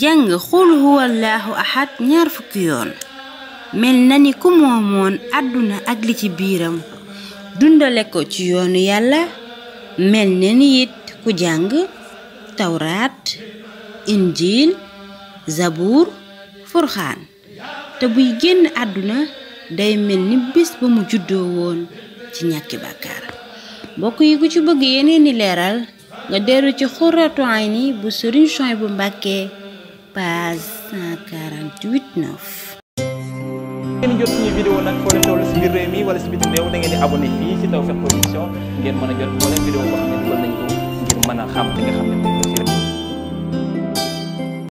jàng xul huwallaahu ahad ñaar fukki yoon mel na ni ku moomoon àdduna ak li ci biiram dundale ko ci yoonu yàlla mel na ni it ku jàng tawraat injiil zabuur furxaan te buy génn àdduna day mel ni bis ba mu juddoo woon ci ñàkki bàkkaar mbokk yi ku ci bëgg yeneen i leeral nga dellu ci xurratu bu sëriñ Suwaybu bu Mbàkke page 148 9. ngeen jot suñu vidéo nag foo leen toll si biir réew mi wala si bi réew da ngeen di abonné fii si Tawfekh Production ngeen mën a jot moo ne dugal nañ mën a xam nga